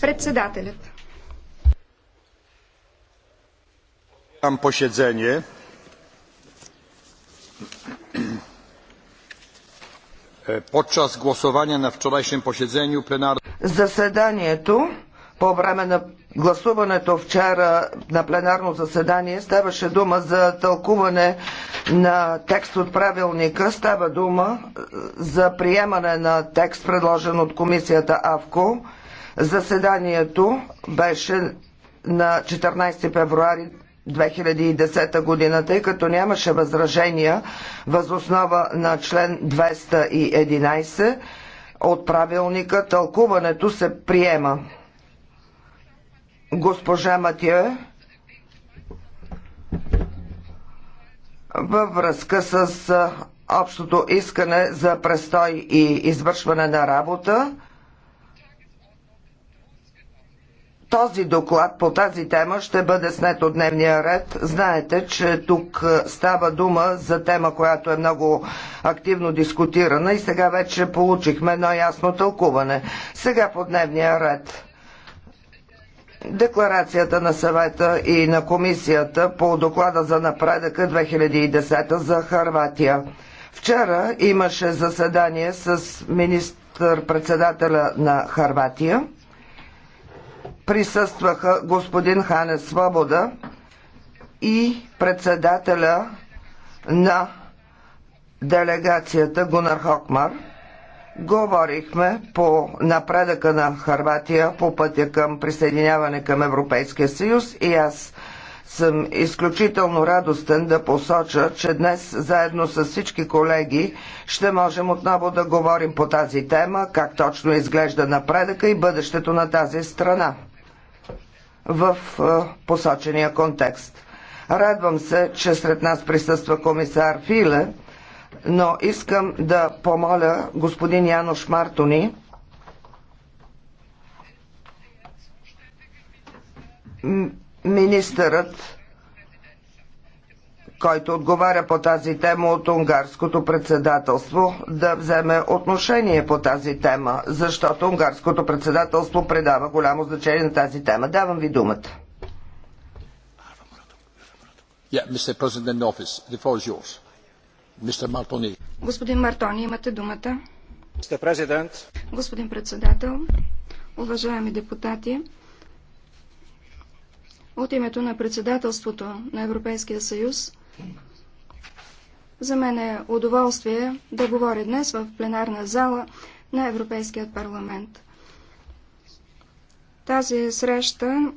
Председателят. Посещение. Е, подчас гласования на вчерашнем посещению пленар... Заседанието по време на гласуването вчера на пленарно заседание ставаше дума за тълкуване на текст от правилника. Става дума е, за приемане на текст, предложен от комисията АВКО. Заседанието беше на 14 февруари 2010 година, тъй като нямаше възражения възоснова на член 211 от правилника, тълкуването се приема. Госпожа Матия във връзка с общото искане за престой и извършване на работа този доклад по тази тема ще бъде снет от дневния ред. Знаете, че тук е, става дума за тема, която е много активно дискутирана и сега вече получихме едно ясно тълкуване. Сега по дневния ред. Декларацията на съвета и на комисията по доклада за напредъка 2010 за Харватия. Вчера имаше заседание с министър-председателя на Харватия присъстваха господин Хане Свобода и председателя на делегацията Гунар Хокмар. Говорихме по напредъка на Харватия по пътя към присъединяване към Европейския съюз и аз съм изключително радостен да посоча, че днес заедно с всички колеги ще можем отново да говорим по тази тема, как точно изглежда напредъка и бъдещето на тази страна в е, посочения контекст. Радвам се, че сред нас присъства комисар Филе, но искам да помоля господин Янош Мартони, министърът който отговаря по тази тема от унгарското председателство, да вземе отношение по тази тема, защото унгарското председателство предава голямо значение на тази тема. Давам ви думата. Господин Мартони, имате думата. Господин председател, уважаеми депутати, от името на председателството на Европейския съюз за мен е удоволствие да говоря днес в пленарна зала на Европейският парламент. Тази среща